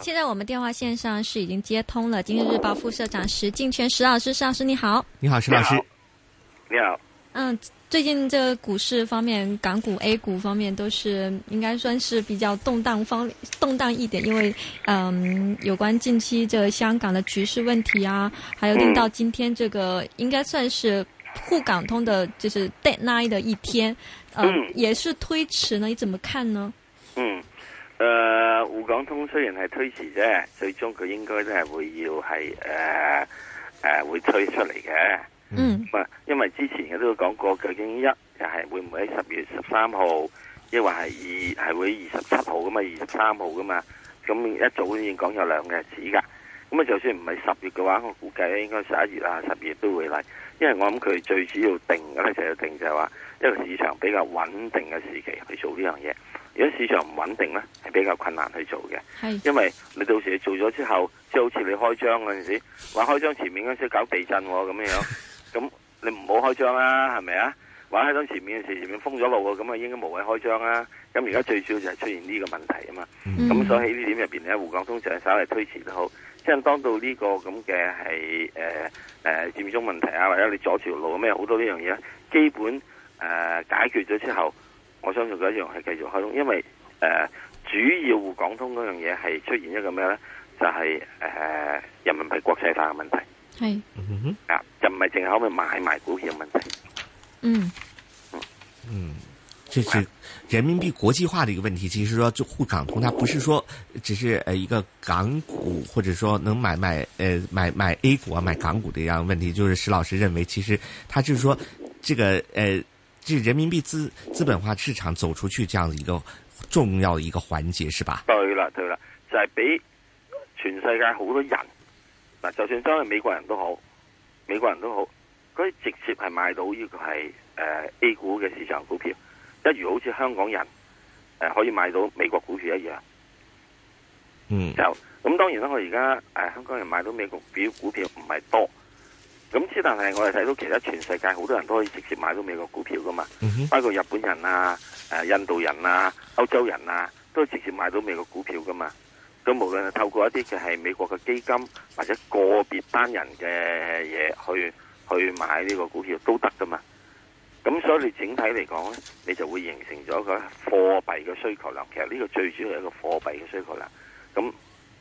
現在我們電話線上是已經接通了。《今日日報》副社長石鏡泉石老師，石老師，石老師你好，你好石老師，你好。嗯，最近這個股市方面，港股、A 股方面都是應該算是比較動盪方動盪一點，因為嗯，有關近期這香港的局勢問題啊，還有令到今天這個、嗯、應該算是滬港通的就是 deadline 的一天嗯，嗯，也是推遲呢？你怎麼看呢？嗯。誒、呃，滬港通雖然係推遲啫，最終佢應該都係會要係誒誒會推出嚟嘅。嗯，啊，因為之前嘅都講過，究竟一又係會唔會喺十月十三號，亦或係二係會二十七號噶嘛，二十三號噶嘛。咁一早已經講有兩日子噶。咁啊，就算唔係十月嘅話，我估計應該十一月啊、十二月都會嚟。因為我諗佢最主要定嘅咧，就係要定就係話一個市場比較穩定嘅時期去做呢樣嘢。如果市場唔穩定呢，係比較困難去做嘅，因為你到時你做咗之後，即好似你開張嗰陣時，話開張前面嗰陣時候搞地震喎，咁樣，咁你唔好開張啦，係咪啊？話開張前面嘅時候，前面封咗路喎，咁應該無謂開張啦。咁而家最少就係出現呢個問題啊嘛。咁、嗯、所以呢點入邊咧，滬港通常係稍為推遲都好。即係當到呢個咁嘅係誒誒佔中問題啊，或者你阻住條路咩好多呢樣嘢，基本、呃、解決咗之後。我相信佢一樣係繼續開通，因為誒、呃、主要滬港通嗰樣嘢係出現一個咩咧？就係、是、誒、呃、人民幣國際化嘅問題係、嗯，啊就唔係淨係可唔可以買賣股票嘅問題。嗯嗯嗯，即係人民幣國際化嘅一個問題，其實說就滬港通，它不是說只是誒一個港股，或者說能買買誒買買 A 股啊，買港股嘅一樣問題。就是石老師認為，其實他就是說，這個誒。呃即係人民幣資資本化市場走出去，這樣一個重要的一個環節，是吧？對啦，對啦，就係、是、俾全世界好多人嗱，就算真係美國人都好，美國人都好，可以直接係買到呢個係誒 A 股嘅市場股票，一如好似香港人誒可以買到美國股票一樣。嗯，就咁當然啦，我而家誒香港人買到美國，比如股票唔係多。咁但係我哋睇到其實全世界好多人都可以直接買到美國股票噶嘛，包括日本人啊，啊、印度人啊、歐洲人啊，都直接買到美國股票噶嘛。咁無論係透過一啲嘅係美國嘅基金或者個別單人嘅嘢去去買呢個股票都得噶嘛。咁所以你整體嚟講呢你就會形成咗個貨幣嘅需求啦。其實呢個最主要係一個貨幣嘅需求啦。咁、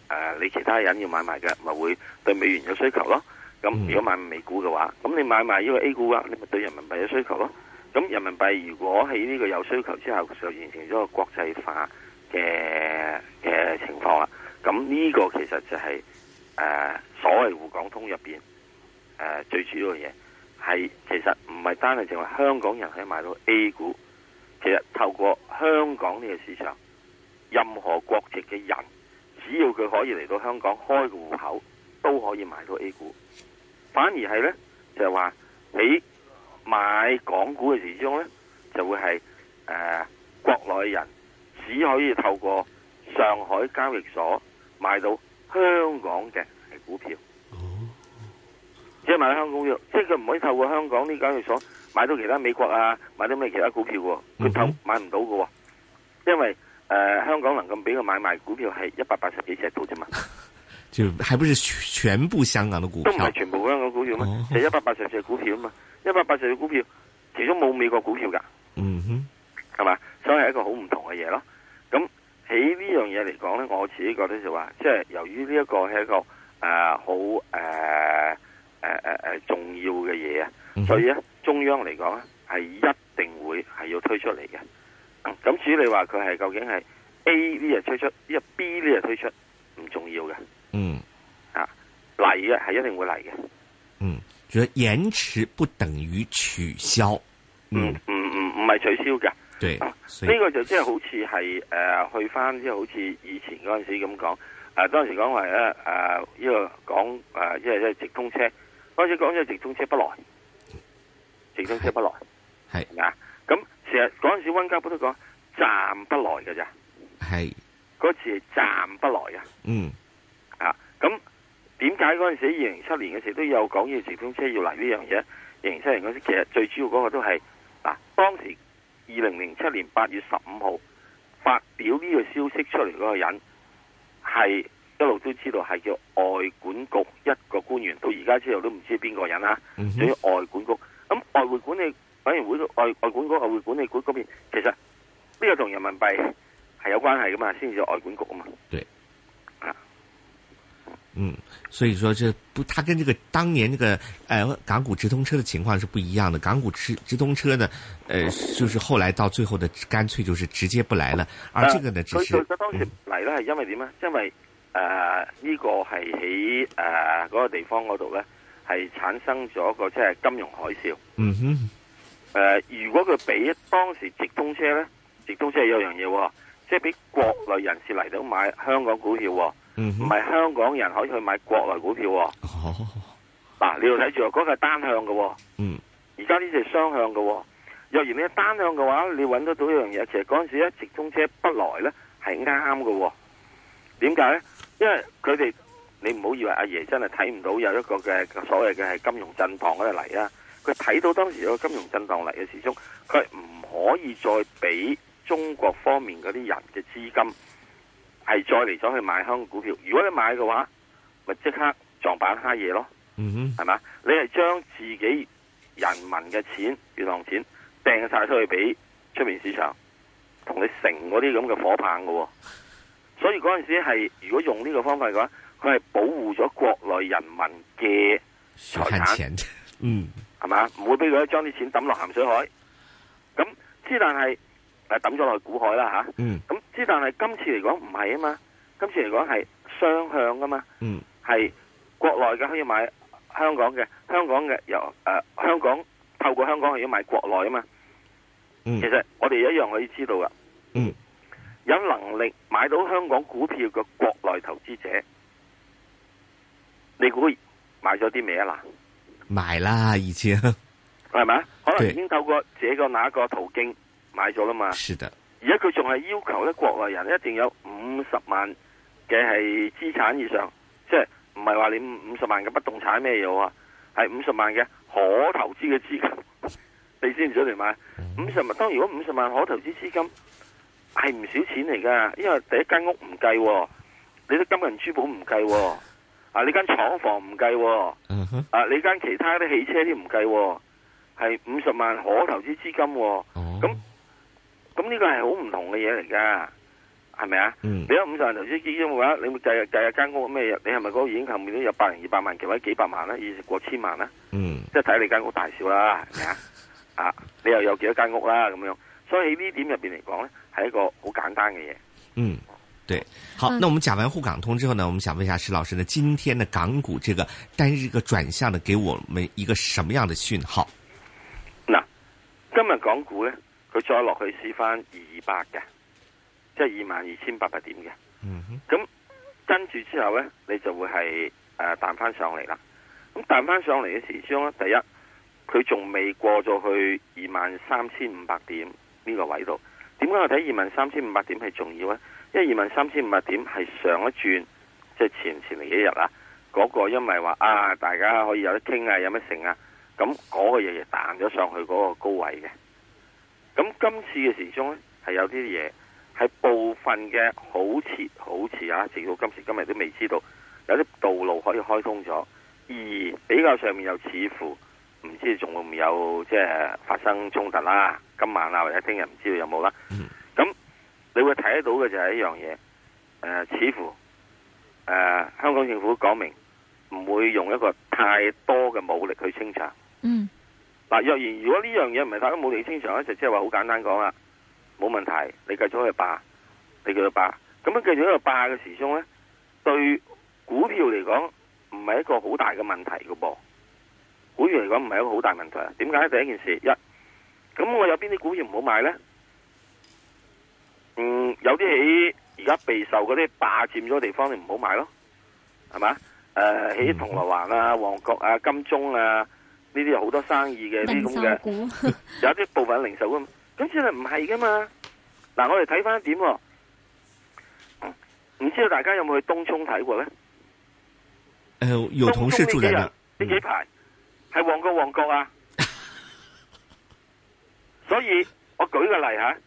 呃、你其他人要買賣嘅，咪會對美元有需求咯。咁、嗯、如果買美股嘅話，咁你買埋呢個 A 股啊，你咪對人民幣有需求咯。咁人民幣如果喺呢個有需求之後，就形成咗個國際化嘅嘅情況啦。咁呢個其實就係、是、誒、呃、所謂滬港通入邊誒最主要嘅嘢，係其實唔係單係淨係香港人可以買到 A 股，其實透過香港呢個市場，任何國籍嘅人，只要佢可以嚟到香港開個戶口，都可以買到 A 股。反而係咧，就係、是、話你買港股嘅時之中咧，就會係誒、呃、國內人只可以透過上海交易所買到香港嘅股票。哦，即係買到香港股票，即係佢唔可以透過香港啲交易所買到其他美國啊，買到咩其他股票喎？佢投、嗯、買唔到嘅喎，因為誒、呃、香港能夠俾佢買賣股票係一百八十幾隻到啫嘛。就係不是全部香港的股票。都唔係全部香港。就一百八十隻嘅股票啊嘛，一百八十隻嘅股票，其中冇美國股票噶，嗯哼，係嘛？所以係一個好唔同嘅嘢咯。咁喺呢樣嘢嚟講咧，我自己覺得就話、是、即、就、係、是、由於呢一個係一個誒好誒誒誒誒重要嘅嘢啊，mm-hmm. 所以咧中央嚟講咧，係一定會係要推出嚟嘅。咁至於你話佢係究竟係 A 呢日推出，一 B 呢日推出，唔重要嘅，嗯、mm-hmm. 啊，啊嚟嘅係一定會嚟嘅。嗯，所以延遲不等於取消。嗯，唔嗯唔，唔係取消嘅。對，呢個就即係好似係誒，去返即係好似以前嗰陣時咁講。啊，當時話、啊這個、講話咧誒，呢個講誒，即係即係直通車。當時講咗直通車不來，直通車不來，係嗱。咁成日嗰陣時溫家寶都講暫不來嘅咋？係嗰次暫不來啊？嗯，嗯啊，咁、嗯。啊嗯嗯啊嗯點解嗰陣時二零七年嘅時都有講要直通車要嚟呢樣嘢？二零七年嗰時其實最主要嗰個都係嗱，當時二零零七年八月十五號發表呢個消息出嚟嗰個人係一路都知道係叫外管局一個官員，到而家之後都唔知邊個人啊，主、mm-hmm. 要外管局咁，外匯管理委員會外外管局外匯管理局嗰邊，其實呢個同人民幣係有關係噶嘛？先至叫外管局啊嘛。對。嗯，所以說這不，它跟這個當年這、那個，呃，港股直通車的情況是不一樣的。港股直直通車呢，呃，就是後來到最後的乾脆就是直接不來了，而這個呢、呃、只是。所以當時嚟咧，係因為點啊、嗯？因為呃呢、這個係喺呃嗰、那個地方嗰度呢係產生咗個即係、就是、金融海嘯。嗯哼。誒、呃，如果佢俾當時直通車呢，直通車係有樣嘢，即係俾國內人士嚟到買香港股票。唔、嗯、係香港人可以去買國內股票，哦。嗱、哦啊，你要睇住，嗰、嗰個單向嘅，哦。嗯，而家呢就雙向嘅，哦。若然你係單向嘅話，你搵得到一樣嘢，其實嗰陣時一直通車不來咧，係啱啱嘅。點解咧？因為佢哋，你唔好以為阿爺真係睇唔到有一個嘅所謂嘅係金融震盪嗰度嚟啊！佢睇到當時有個金融震盪嚟嘅時鐘，佢係唔可以再俾中國方面嗰啲人嘅資金。係再嚟咗去買香港股票，如果你買嘅話，咪即刻撞板揩嘢咯，係、mm-hmm. 嘛？你係將自己人民嘅錢、元朗錢掟晒出去俾出面市場，同你成嗰啲咁嘅火棒嘅、哦，所以嗰陣時係如果用呢個方法嘅話，佢係保護咗國內人民嘅財產，嗯，係嘛？唔、mm-hmm. 會俾佢將啲錢抌落鹹水海，咁之但係誒抌咗落去股海啦吓，嗯、mm-hmm.。之但係今次嚟講唔係啊嘛，今次嚟講係雙向噶嘛，係、嗯、國內嘅可以買香港嘅，香港嘅由誒、呃、香港透過香港可以買國內啊嘛、嗯。其實我哋一樣可以知道噶、嗯，有能力買到香港股票嘅國內投資者，你估買咗啲咩啊嗱？買啦，以前係咪？ 可能已經透過這個那個途徑買咗啦嘛。而家佢仲係要求咧，國內人一定有五十萬嘅係資產以上，即係唔係話你五十萬嘅不動產咩嘢啊？係五十萬嘅可投資嘅資金，你先唔想嚟買五十萬。當然，如果五十萬可投資資金係唔少錢嚟噶，因為第一間屋唔計，你啲金銀珠寶唔計，啊你間廠房唔計，啊你間其他啲汽車都唔計，係五十萬可投資資金，咁。咁、這、呢個係好唔同嘅嘢嚟噶，係咪啊？你是是有五十萬投資基金嘅話，你咪計計下間屋咩？你係咪個已經後面都有百零二百萬，或者幾百萬啦，以過千萬啦？嗯，即係睇你間屋大小啦，係咪啊？啊， 你又有幾多間屋啦？咁樣，所以呢點入邊嚟講咧，係一個好簡單嘅嘢。嗯，對，好。那我們講完滬港通之後呢，我們想問一下石老師呢，今天的港股這個單日個轉向呢，給我們一個什麼樣的訊號？嗱，今日港股咧。佢再落去試翻二百嘅，即係二萬二千八百點嘅。嗯哼，咁跟住之後呢，你就會係誒彈翻上嚟啦。咁彈翻上嚟嘅時候呢，第一佢仲未過咗去二萬三千五百點呢個位度。點解我睇二萬三千五百點係重要呢？因為二萬三千五百點係上一轉，即係前前嚟一日啊，嗰個因為話啊，大家可以有得傾啊，有乜成啊，咁嗰個日日彈咗上去嗰個高位嘅。咁今次嘅時鐘咧，係有啲嘢係部分嘅好似，好似啊！直到今時今日都未知道有啲道路可以開通咗，而比較上面又似乎唔知仲會唔會有即係發生衝突啦，今晚啊或者聽日唔知道有冇啦。咁、嗯、你會睇得到嘅就係一樣嘢，誒、呃、似乎、呃、香港政府講明唔會用一個太多嘅武力去清查。嗯。啊、若然如果呢樣嘢唔係大家冇理清場，就即係話好簡單講啦，冇問題，你繼續去霸，你繼續霸，咁樣繼續喺度霸嘅時鐘咧，對股票嚟講唔係一個好大嘅問題嘅噃。股票嚟講唔係一個好大問題啊？點解？第一件事，一，咁我有邊啲股票唔好買咧？嗯，有啲喺而家被受嗰啲霸佔咗地方，你唔好買咯，係嘛？誒，喺銅鑼灣啊、旺角啊、啊、金鐘啊。呢啲有好多生意嘅呢種嘅，有啲部分零售咁，咁算係唔係噶嘛。嗱，我哋睇翻點，唔知道大家有冇去東涌睇過咧？誒、哎，有同事住呢、啊？呢幾排係、嗯、旺角旺角啊！ 所以我舉個例吓，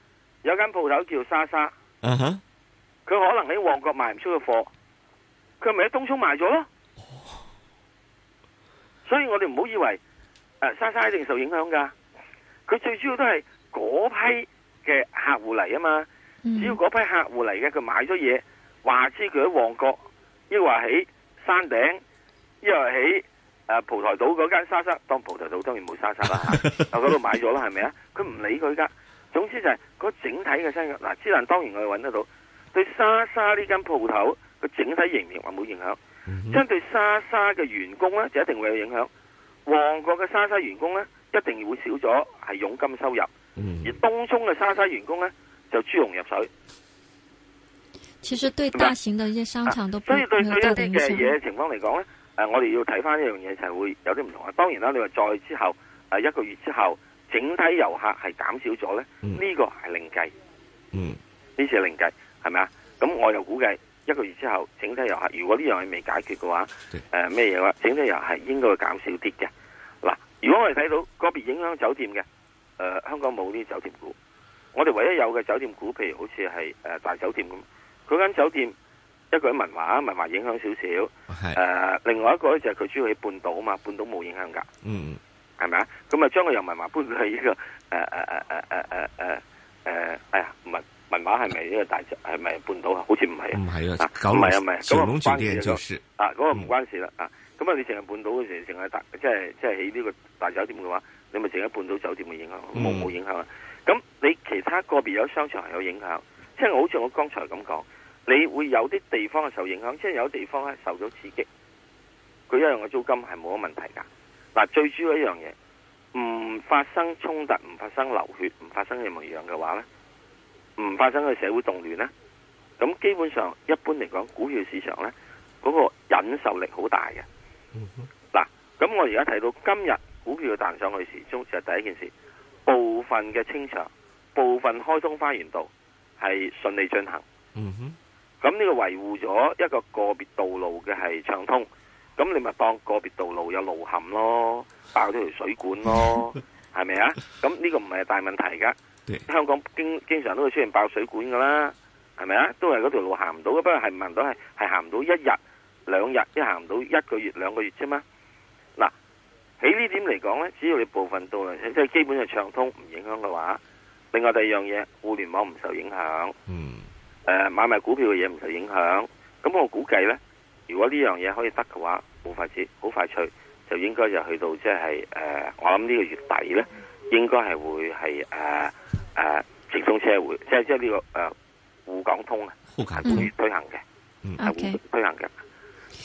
有間鋪頭叫莎莎，佢、uh-huh. 可能喺旺角賣唔出嘅貨，佢咪喺東涌賣咗咯。所以我哋唔好以為。誒、啊，莎莎一定受影響噶，佢最主要都係嗰批嘅客戶嚟啊嘛，只要嗰批客戶嚟嘅，佢買咗嘢，話知佢喺旺角，亦話喺山頂，亦話喺誒蒲台島嗰間莎莎，當蒲台島當然冇莎莎啦，喺嗰度買咗啦，係咪啊？佢唔理佢噶，總之就係、是、嗰整體嘅聲音。嗱、啊，之但當然我哋揾得到，對莎莎呢間鋪頭個整體營業話冇影響，相、嗯、對莎莎嘅員工咧就一定會有影響。旺角嘅沙沙員工咧，一定會少咗係佣金收入，嗯、而東涌嘅沙沙員工咧就豬籠入水。其實對大型嘅一啲商場是不是、啊、都不所以對一啲嘅嘢，情況嚟講咧，誒、啊，我哋要睇翻一樣嘢就係會有啲唔同啊。當然啦，你話再之後誒、啊、一個月之後，整體遊客係減少咗咧，呢個係另計，嗯，呢次係另計，係咪啊？咁我又估計。一個月之後，整體遊客，如果呢樣嘢未解決嘅話，誒咩嘢話，整體遊客應該會減少啲嘅。嗱，如果我哋睇到個別影響酒店嘅，誒、呃、香港冇呢啲酒店股，我哋唯一有嘅酒店股，譬如好似係誒大酒店咁，佢間酒店一個喺文華啊，文華影響少少，誒、呃、另外一個咧就係佢主要喺半島啊嘛，半島冇影響噶，嗯，係咪啊？咁啊將佢由文華搬佢去呢個誒誒誒誒誒誒誒誒，哎呀唔係。不是。文華係咪呢個大酒係咪半島啊？好似唔係唔係啊，唔、嗯啊那個、係啊，唔係啊，嗰個唔關事啊，嗰個唔關事啦啊！咁啊，你成日半島嘅時成日大即係即係喺呢個大酒店嘅話，你咪成日半島酒店嘅影響冇冇、嗯、影響啊？咁你其他個別有商場係有影響，即、就、係、是、好似我剛才咁講，你會有啲地方係受影響，即係有地方係受咗刺激，佢一樣嘅租金係冇乜問題㗎。嗱，最主要一樣嘢，唔發生衝突，唔發生流血，唔發生咩樣嘅話咧？唔發生個社會動亂呢，咁基本上一般嚟講，股票市場呢，嗰、那個忍受力好大嘅。嗱、嗯，咁、啊、我而家睇到今日股票彈上去時，中就係第一件事，部分嘅清場、部分開通花園道係順利進行。咁、嗯、呢個維護咗一個個別道路嘅係暢通，咁你咪當個別道路有路陷咯，爆咗條水管咯，係咪啊？咁呢個唔係大問題噶。嗯、香港經經常都會出現爆水管噶啦，係咪啊？都係嗰條路行唔到嘅，不過係行唔到係係行唔到一日兩日，即行唔到一個月兩個月啫嘛。嗱，喺呢點嚟講呢，只要你部分道路即係基本上暢通，唔影響嘅話，另外第二樣嘢，互聯網唔受影響，嗯，誒、呃，買賣股票嘅嘢唔受影響，咁我估計呢，如果呢樣嘢可以得嘅話，冇快折，好快脆就應該就去到即係誒，我諗呢個月底呢。應該係會係誒誒，直通車會即係即係、這、呢個誒滬、呃、港通港、嗯、港啊，會推行嘅，係會推行嘅。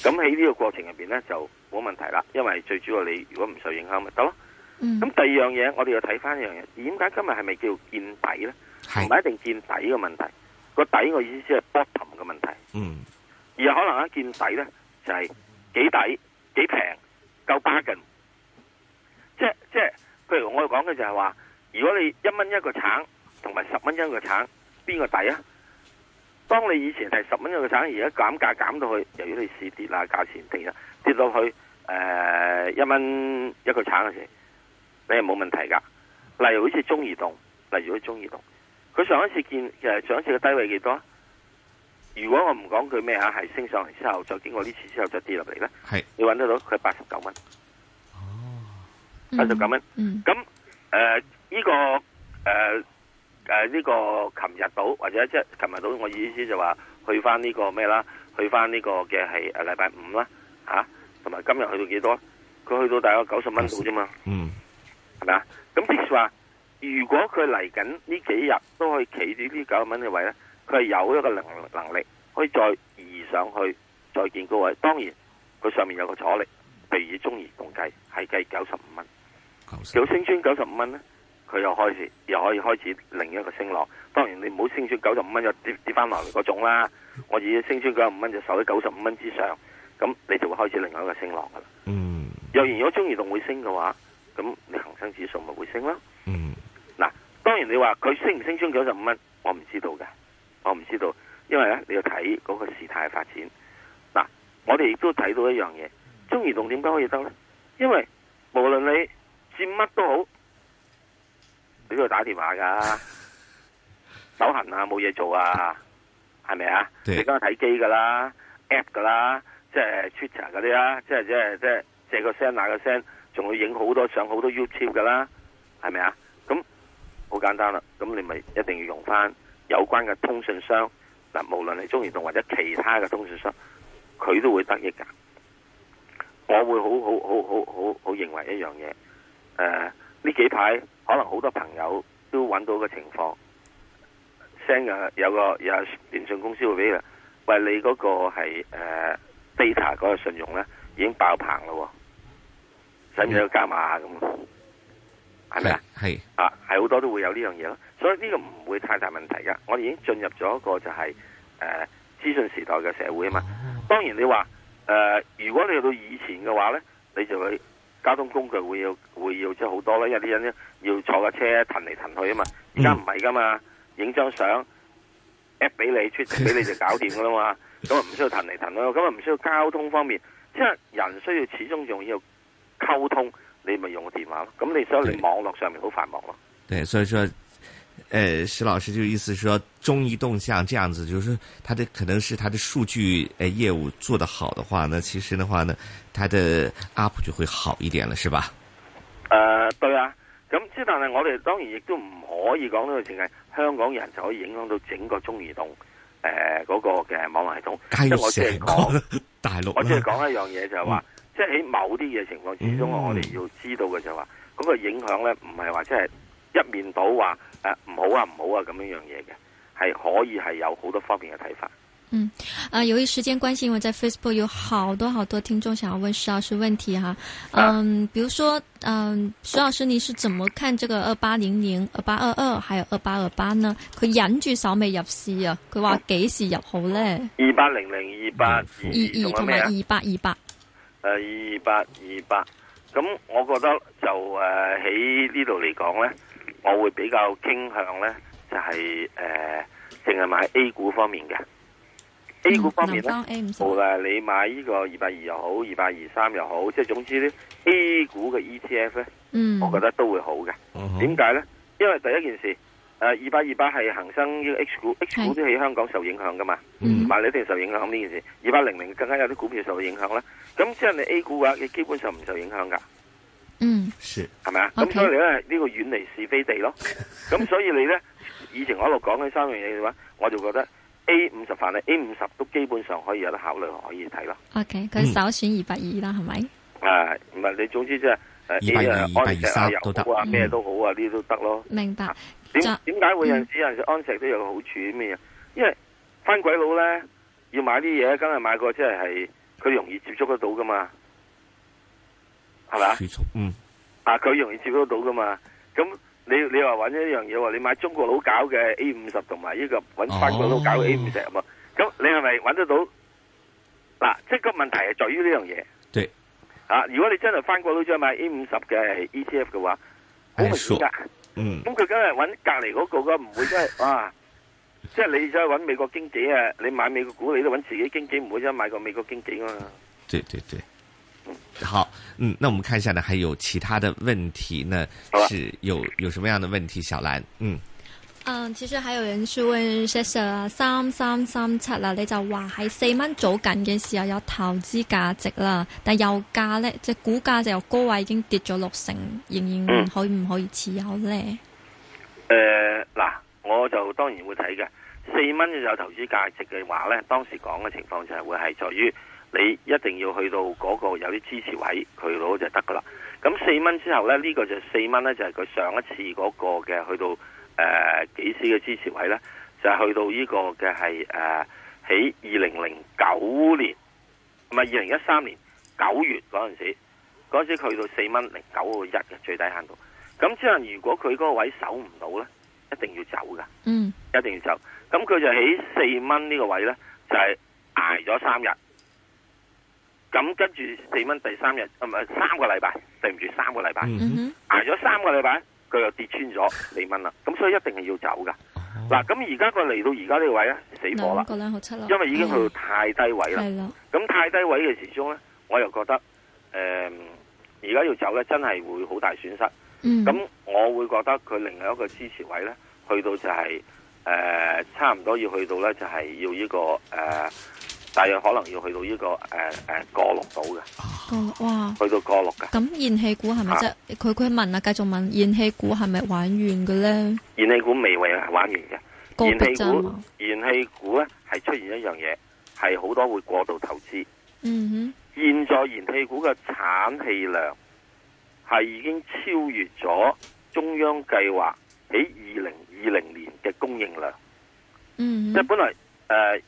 咁喺呢個過程入邊咧，就冇問題啦。因為最主要你如果唔受影響咪得咯。咁、嗯、第二樣嘢，我哋又睇翻一樣嘢。點解今日係咪叫見底咧？唔係一定見底嘅問題，個底我意思係 bottom 嘅問題。嗯。而可能一見底咧，就係幾抵、幾平、夠 bargain，即係即係。譬如我講嘅就係話，如果你一蚊一個橙，同埋十蚊一個橙，邊個抵啊？當你以前係十蚊一個橙，而家減價減到去，由於你市跌啦，價錢跌啦，跌到去誒一蚊一個橙嘅時，你係冇問題噶。例如好似中移動，例如好似中移動，佢上一次見其實上一次嘅低位幾多？如果我唔講佢咩吓，係升上嚟之後，再經過呢次之後再跌落嚟咧，係你揾得到佢八十九蚊。係就九蚊，咁誒呢個誒誒呢個琴日到或者即係琴日到，我意思就話去翻呢個咩啦，去翻呢個嘅係誒禮拜五啦，吓、啊，同埋今日去到幾多？佢去到大約九十蚊度啫嘛，嗯，係咪啊？咁即係話，如果佢嚟緊呢幾日都可以企住呢九十蚊嘅位咧，佢係有一個能能力可以再移上去再見高位。當然佢上面有個阻力，譬如中移動嚟計，係計九十五蚊。有升穿九十五蚊咧，佢又開始又可以開始另一個升浪。當然你唔好升穿九十五蚊又跌跌翻落嚟嗰種啦。我以升穿九十五蚊就守喺九十五蚊之上，咁你就會開始另外一個升浪噶啦。嗯，若然如果中移動會升嘅話，咁你恒生指數咪會升咯。嗯，嗱，當然你話佢升唔升穿九十五蚊，我唔知道嘅，我唔知道，因為咧你要睇嗰個事態發展。嗱，我哋亦都睇到一樣嘢，中移動點解可以得咧？因為無論你。見乜都好，喺度打電話噶，手痕啊，冇嘢做啊，係咪啊？Yeah. 你梗係睇機噶啦，app 噶啦，即係 Twitter 嗰啲啦，即係即係即係借個聲拿個聲，仲要影好多相，好多 YouTube 噶啦，係咪啊？咁好簡單啦，咁你咪一定要用翻有關嘅通訊商，嗱，無論你中移動或者其他嘅通訊商，佢都會得益噶。我會好好好好好好，好認為一樣嘢。誒、呃，呢幾排可能好多朋友都揾到個情況，send 啊，有個有電信公司會俾啦，話你嗰個係誒 data 嗰個信用咧已經爆棚咯，使唔使加碼咁？係、yeah. 咪啊？係啊，係好多都會有呢樣嘢咯，所以呢個唔會太大問題噶。我哋已經進入咗一個就係、是、誒、呃、資訊時代嘅社會啊嘛。當然你話誒、呃，如果你去到以前嘅話咧，你就去交通工具會有。會要即係好多啦，因為啲人咧要坐架車騰嚟騰去啊嘛，而家唔係噶嘛，影、嗯、張相 app 俾你，出俾你就搞掂噶啦嘛，咁啊唔需要騰嚟騰去，咁啊唔需要交通方面，即係人需要始終仲要溝通，你咪用個電話咯，咁你所以網絡上面好繁忙咯。對，所以說，誒、呃，石老師就意思說，中國移動向這樣子，就是他的可能是他的數據誒、呃、業務做得好的話，呢其實的話呢，他的 app 就會好一點了，是吧？誒、呃，對啊，咁即但係我哋當然亦都唔可以講呢個情況，香港人就可以影響到整個中移動誒嗰個嘅網絡系統。我淨係講大陸，我即係講一樣嘢就係話，即係喺某啲嘅情況之中，始終我哋要知道嘅就係話，嗰、嗯嗰個影響咧唔係話即係一面倒話誒唔好啊唔好啊咁樣樣嘢嘅，係可以係有好多方面嘅睇法。嗯，啊，由於時間關係，因為在 Facebook 有好多好多聽眾想要問石老師問題哈，嗯，啊、比如說，嗯，石老師你是怎麼看這個二八零零、二八二二，還有二八二八呢？佢忍住手未入市啊，佢話幾時入好咧？二八零零、二八二二同埋二八二八，誒，二八二八，咁、啊 28. 嗯、我覺得就誒喺、呃、呢度嚟講呢，我會比較傾向呢，就係誒淨係買 A 股方面嘅。A 股方面咧，無、嗯、論你買呢個二百二又好，二百二三又好，即係總之呢 A 股嘅 ETF 咧、嗯，我覺得都會好嘅。點解咧？因為第一件事，誒、呃，二百二八係恒生呢個 H 股，H 股都喺香港受影響噶嘛，嗯，買你一定受影響。呢件事，二百零零更加有啲股票受到影響啦。咁即係你 A 股嘅話，你基本上唔受影響噶。嗯，是，係咪啊？咁所以你咧呢、這個遠離是非地咯。咁 所以你咧，以前我一路講緊三樣嘢嘅話，我就覺得。A 五十份咧，A 五十都基本上可以有得考慮，可以睇咯。OK，佢首選二百二啦，係咪？啊，唔係你總之即係二百二、二百三都得，咩都好啊，呢啲都得咯。明白。點解會有陣時安石都有個好處咩、嗯？因為番鬼佬咧，要買啲嘢，梗係買過即係係佢容易接觸得到噶嘛，係咪啊？嗯，啊佢容易接觸得到噶嘛，咁、嗯。你你話揾一樣嘢你買中國佬搞嘅 A 五十同埋呢個揾翻國佬搞嘅 A 五十咁咁你係咪揾得到？嗱、啊，即係個問題係在於呢樣嘢。對，啊，如果你真係翻國佬想買 A 五十嘅 ETF 嘅話，好唔同噶。咁佢梗係揾隔籬嗰個，咁 唔會真係啊？即係你想揾美國經紀啊？你買美國股，你都揾自己經紀，唔會真買個美國經紀啊嘛？對,對,對好，嗯，那我們看一下呢，還有其他的問題呢，是有有什麼樣的問題？小蘭，嗯，嗯，其實還有人追問 Sir 啊，三三三七啦，你就話喺四蚊早緊嘅時候有投資價值啦，但油價呢，即股價就由高位已經跌咗六成，仍然可唔、嗯、可以持有呢？誒、呃，嗱，我就當然會睇嘅，四蚊有投資價值嘅話呢，當時講嘅情況就係會係在於。你一定要去到嗰個有啲支持位，佢攞就得噶啦。咁四蚊之後咧，呢個就四蚊咧，就係佢上一次嗰個嘅去到誒、呃、幾時嘅支持位咧，就係去到呢個嘅係誒喺二零零九年，唔係二零一三年九月嗰陣時，嗰時去到四蚊零九個一嘅最低限度。咁之後如果佢嗰個位守唔到咧，一定要走噶，嗯，一定要走。咁佢就喺四蚊呢個位咧，就係捱咗三日。咁跟住四蚊，第三日唔係、嗯、三個禮拜，對唔住三個禮拜，挨、嗯、咗三個禮拜，佢又跌穿咗四蚊啦。咁所以一定係要走噶。嗱、啊，咁而家佢嚟到而家呢個位咧，死火啦，因為已經去到太低位啦。咁、哎、太低位嘅時鐘咧，我又覺得，誒、呃，而家要走咧，真係會好大損失。咁、嗯、我會覺得佢另外一個支持位咧，去到就係、是、誒、呃、差唔多要去到咧、這個，就係要呢個誒。大約可能要去到呢、這個誒誒、呃、過六度嘅，哇，去到過六嘅。咁燃氣股係咪即係？佢、啊、佢問啊，繼續問，燃氣股係咪玩完嘅咧？燃氣股未為玩完嘅，燃氣股燃氣股咧係出現一樣嘢，係好多會過度投資。嗯哼。現在燃氣股嘅產氣量係已經超越咗中央計劃喺二零二零年嘅供應量。嗯。即係本來誒。呃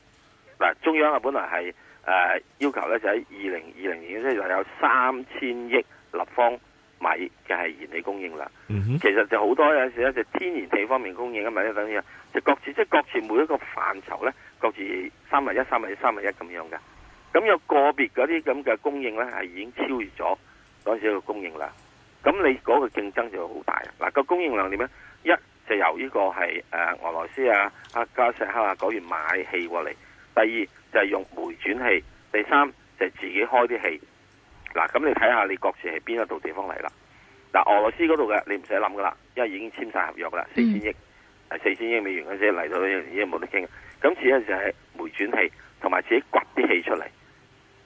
嗱，中央啊，本來係誒、呃、要求咧，就喺二零二零年即係話有三千億立方米嘅係燃氣供應量。Mm-hmm. 其實就好多有時咧，就天然氣方面供應咁嘛，咧，等於啊，各自即係、就是、各自每一個範疇咧，各自三萬一三萬一三萬一咁樣嘅。咁有個別嗰啲咁嘅供應咧，係已經超越咗當時嘅供應量。咁你嗰個競爭就會好大。嗱，個供應量點咧？一就由呢個係誒、啊、俄羅斯啊、阿、啊、加石克啊嗰邊、啊、買氣過嚟。第二就係、是、用煤轉氣，第三就係、是、自己開啲氣。嗱、啊，咁你睇下你各自係邊一度地方嚟啦。嗱、啊，俄羅斯嗰度嘅你唔使諗噶啦，因為已經簽晒合約噶啦，四千億，係、嗯、四千億美元嗰啲嚟到已經冇得傾。咁次咧就係煤轉氣，同埋自己掘啲氣出嚟。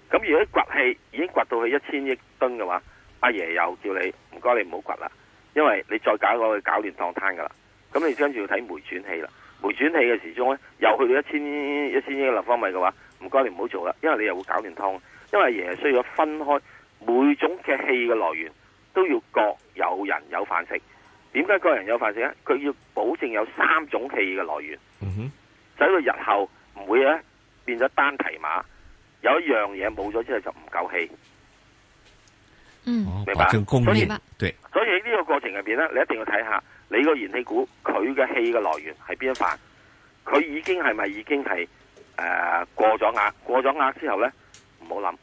咁如果掘氣已經掘到去一千億噸嘅話，阿、啊、爺又叫你唔該你唔好掘啦，因為你再搞過去搞亂當攤噶啦。咁你跟住要睇煤轉氣啦。煤轉氣嘅時鐘咧，又去到一千一千億立方米嘅話，唔該你唔好做啦，因為你又會搞亂湯。因為爺需要分開每種嘅氣嘅來源，都要各有人有飯食。點解各人有飯食咧？佢要保證有三種氣嘅來源。嗯哼，使到日後唔會咧變咗單匹馬，有一樣嘢冇咗之後就唔夠氣。嗯，明白。白所以，對。所以喺呢個過程入邊咧，你一定要睇下。你個燃氣股，佢嘅氣嘅來源係邊一塊？佢已經係咪已經係誒過咗額？過咗額之後呢，唔好諗，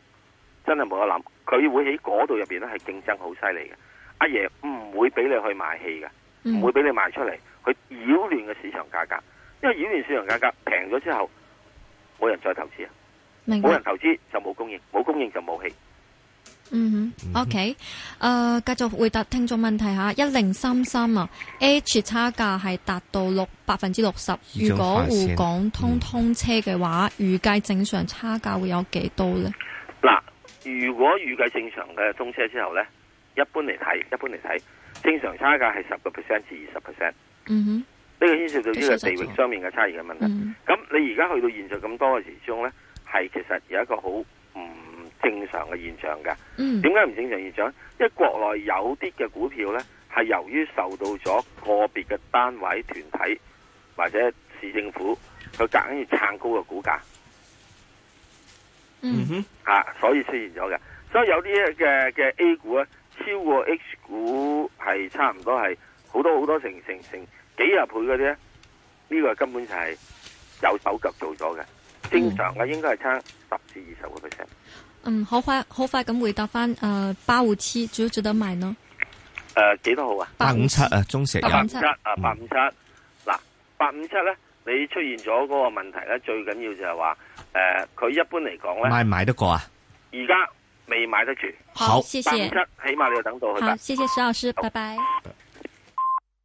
真係冇得諗。佢會喺嗰度入邊咧係競爭好犀利嘅。阿爺唔會俾你去賣氣嘅，唔、嗯、會俾你賣出嚟。佢擾亂個市場價格，因為擾亂市場價格平咗之後，冇人再投資啊！冇人投資就冇供應，冇供應就冇氣。嗯哼，嗯哼，OK，誒、呃，繼續回答聽眾問題吓，一零三三啊，H 差價係達到六百分之六十，如果滬港通通車嘅話，預、嗯、計正常差價會有幾多呢？嗱，如果預計正常嘅通車之後呢，一般嚟睇，一般嚟睇，正常差價係十個 percent 至二十 percent。嗯哼，呢個牽涉到呢個地域上面嘅差異嘅問題。咁你而家去到現在咁多嘅時中呢，係其實有一個好唔。正常嘅現象嘅，點解唔正常現象？因為國內有啲嘅股票呢，係由於受到咗個別嘅單位、團體或者市政府去夾硬要撐高嘅股價，嗯哼，吓、啊，所以出現咗嘅。所以有啲嘅嘅 A 股咧，超過 H 股係差唔多係好多好多成成成幾十倍嗰啲呢，呢個根本就係有手腳做咗嘅，正常嘅應該係差十至二十個 percent。嗯，好快好快咁回答翻，誒、呃，八五七值唔值得買呢？誒、呃，幾多號啊？八五七，八五七啊，中石油。八五七啊，八五七。嗱、嗯，八五七咧，你出現咗嗰個問題咧，最緊要就係話，誒、呃，佢一般嚟講咧，買唔買得過啊？而家未買得住。好。好，謝謝。八五七，起碼你要等到去。好，謝謝石老師，拜拜。